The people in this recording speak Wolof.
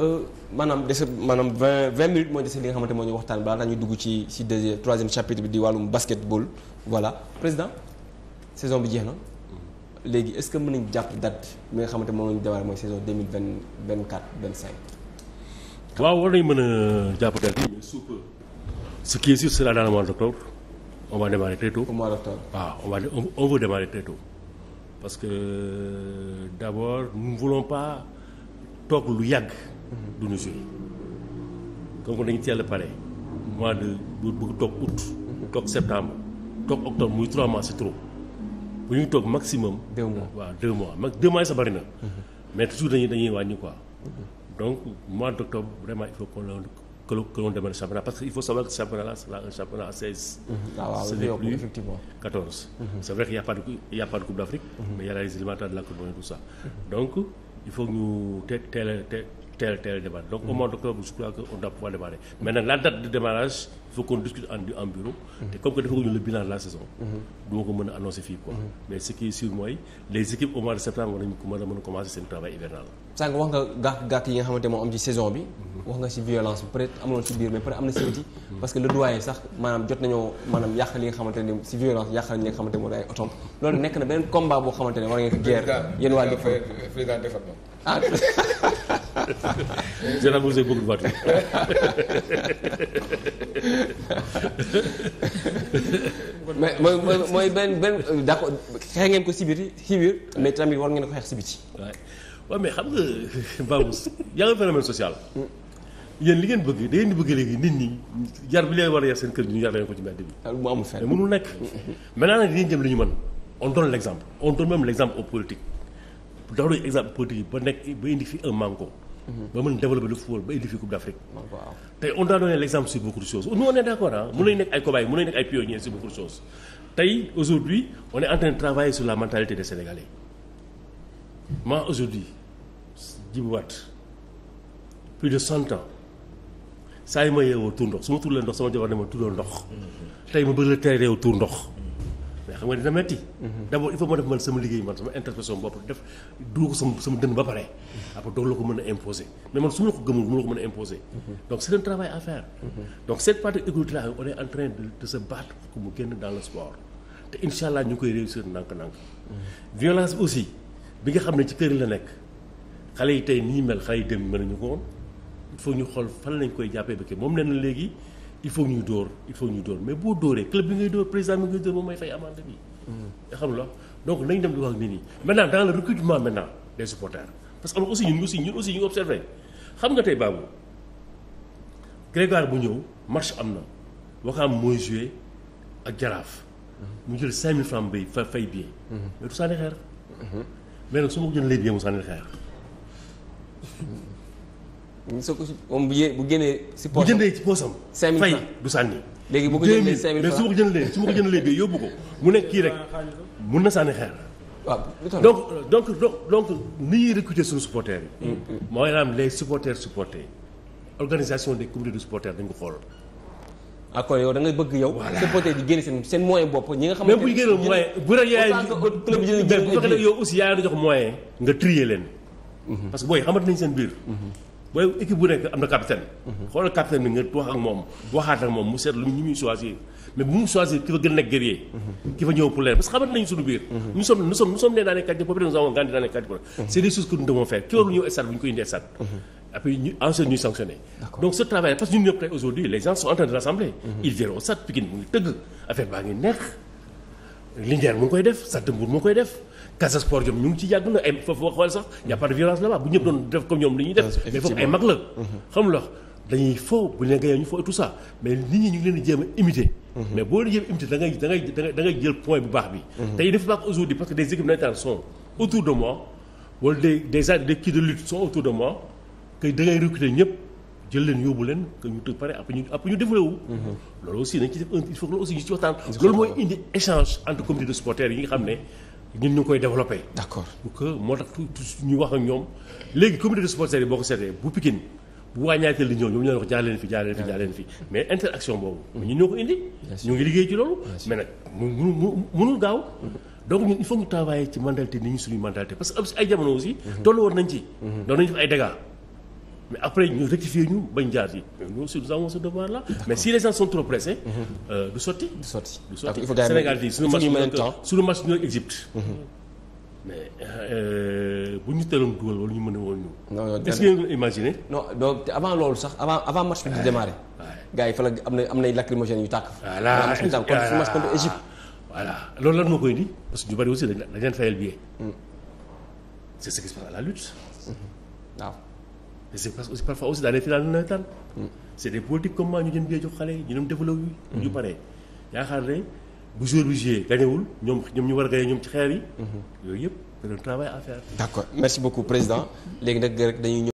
Euh, maanaam dese maanaam vingt vingt minutes mooy dese li nga xamante moo ñu waxtaan balaa ñu dugg ci ci deuxième troisième chapitre bi di wàllum basketball voilà président saison bi jeex na léegi est-ce que mën nañ jàpp date bi nga xamante moom la ñu mooy saison deux mille vingt vingt quatre waaw war nañ mën a jàpp date bi mais sous peu. ce qui est sûr c'est là dans le mois d'octobre on va démarrer très d'octobre waaw ah, on va on parce que d'abord nous ne voulons pas toog lu yàgg. du ñu joué donc dañu teel pare mois de bu bëgg toog août. toog septembre toog octobre muy trois mois c'est trop bu ñuy toog maximum. deux mois waaw deux mois mag deux mois yi sa bari na. mais toujours dañuy dañuy wàññi quoi. donc mois d'octobre vraiment il faut qu'on le que l'on il faut savoir que championnat là c'est un championnat à 16. Mhm. ah waaw c'est plus 14. Mhm. c'est vrai qu'il y a pas de il y a pas de coupe d'Afrique. Mhm. mais il y a les éliminatoires de la coupe du monde et tout ça. donc teel teel démarrer donc au mois d'octobre je crois mais nag la date de démarrage il faut qu'on discute en bureau te comme que defaguñu le bilan la saison du ko mën a annoncer fii quoi mais ce qui mooy les équipes au de septembre nañu ko mën a mën commencer seen travail hivernal sànq wax nga gàkk-gàkk yi nga xamante moo am ci saison bi wax nga ci violence bi am na ci biti parce que le doyen sax maanaam jot nañoo maanaam Général Mousset beaucoup de voitures. mais mooy mooy benn benn euh, d'accord xeex ngeen ko si biir si biir mais tamit war ngeen ko xeex si biti. waaw waaw mais xam nga Babous yaa ngi social. Hmm. yéen li ngeen bëgg da ngeen di bëgg léegi nit ñi yar leen war a yar seen kër ñu yar leen ko ci mbedd bi. mu ah, amul fenn mënul nekk. maintenant nag dinañ jëm li ñu mën on donne l'exemple on donne même l'exemple aux politiques daaw doy exemple politique ba nekk ba indi fi un manko. ba mën développer le football ba édifier coupe d' Afrique. Oh, tey on doit donner l' exemple sur beaucoup de choses nous on est nekk ay cobayes mën nañu nekk ay pionniers sur beaucoup de choses tey aujourd'hui on est en train de travailler sur la mentalité des Sénégalais moi aujourd'hui Djiby plus de cent ans saa yi ma yeewoo tuur ndox su ma tuur leen ndox sama jabar ne ma tuuroo ndox. Mm-hmm. tey ma bëgg la teree yow tuur ndox. xam nga dina metti d' il faut ma def man sama liggéey man sama introspection bopp def ko sama dënn ba pare après doog la ko mën a imposer mais man su ma ko gëmul mënu la ko mën a imposer donc c' est un travail donc cette pratique économique là on est de de se battre mu génn dans le sport te incha allah ñu koy réussir ndànk-ndànk violence bi aussi bi nga xam ne ci kër la nekk xale yi tey nii mel xale yi dem mel ñu ko woon il ñu xool fan lañ koy jàppee ba moom nee na léegi il faut ñuy dóor il faut ñuy dóor mais boo dóoree club bi ngay dóor président bi ngay dóor moom may fay amande bi. nga xam la donc nañ dem di wax nit ñi maintenant dans le recrutement que am aussi ñun aussi ñun aussi xam nga tey Babou Grégoire bu ñëw match am na waxaam mooy joué ak jaraaf. mu jël 5000 francs bay fa fay bien. mais du sànni mhm. mais nag su ma ko jëlee bien mu sànni soo ko moom bu bu génnee si poche bu jëndee si poche am. 5000 fay du sànni. léegi bu ko jëndee 5000 mais su ma ko jëndalee su ma ko jëndalee bi yóbbu ko mu nekk kii rek mun na sànni xeer. waaw donc donc donc ni ñuy recruter suñu supporters yi. Mm, mm. mooy maanaam les supporters supportés organisation des communautés de supporters dañ ko xool. ah kon nga bëgg yow. voilà supporters di seen seen bopp ñi nga. xamante ne même bu ñu génnoon moyen bu rek yaay club yi bu fekkee jox moyen nga trier leen. Mm-hmm. parce que booy xamante nañ seen biir. Mm-hmm. booy équipe bu nekk am na capitaine. xoolal capitaine bi nga wax ak moom waxaat ak moom mu seetlu ñi muy choisir mais bu mu choisir ki fa gën a nekk guerrier. ki fa ñëw pour leen parce que ñuy sanctionné. donc ce travail parce que ñun ñëpp aujourd'hui les gens sont de rassembler. ils verront stade Pikine mu ngi tëgg affaire baa ngi neex Linguère mu ngi koy def Sante Mbour mu ngi koy def Casa Sport ñoom ñu ngi ci yàgg na ay foofu wax xool sax y a violence là-bas bu ñëpp doon def comme ñoom li def mais foofu ay mag la mhm. xam la dañuy foo bu leen gayee ñu foo et tout ça mais nit ñi ñu ngi leen di jéem mhm. mais boo leen jël point bu baax bi mhm. tey dafa baax aujourd'hui parce que des équipes nationales de kii de lutte sont autour de moi que da jël leen yóbbu leen que ñu pare après ñu après loolu aussi dañ ñun ñu koy développé. d' accord moo tax tout ñu wax ak ñoom léegi comité de supporters boo ko seetee bu Pikine bu wàññaatee li ñëw ñoom ñoo wax jaar leen fi jaar fi mais interaction boobu. Mm. ñun ñoo ko indi. ñu ngi liggéey ci loolu. mais nag mu mu mënul gaaw. donc ñun il faut ñu travailler ci mentalité nit ñi suñuy mentalité parce que ay jamono aussi. Mm-hmm. tollu woon nañ ci. Mm-hmm. doon nañu def ay dégâts. mais après ñu rectifier ñu bañ jaar yi nous aussi nous avons ce devoir là mais si les gens sont trop pressés du sotti du sotti du sotti Sénégal fii suñu match suñu match mm-hmm. mais euh, bu ñu teeloon dugal wala ñu mën a woon ñu ma ce que ngeen imaginer non donc avant loolu sax avant avant match bi di démarrer gars yi fa la am na am nay lacrymogène yu tàkk voilà loolu lan moo koy indi parce que ñu bari aussi dañ leen fayal billet mm. c'est ce qui la lutte mm-hmm. waaw mais c'est parce que parfois aussi dans les finales nawetaan c'est des politiques comme moi ñu jëm bee jox xale yi ñu dem développé yu ñu mm-hmm. paree yaakaar ne bu jour bi joué ñoom ñu war a gañe ñoom ci xeer yi mm-hmm. yooyu yëpp c'est un travail d'accord merci beaucoup président léegi nag rek dañuy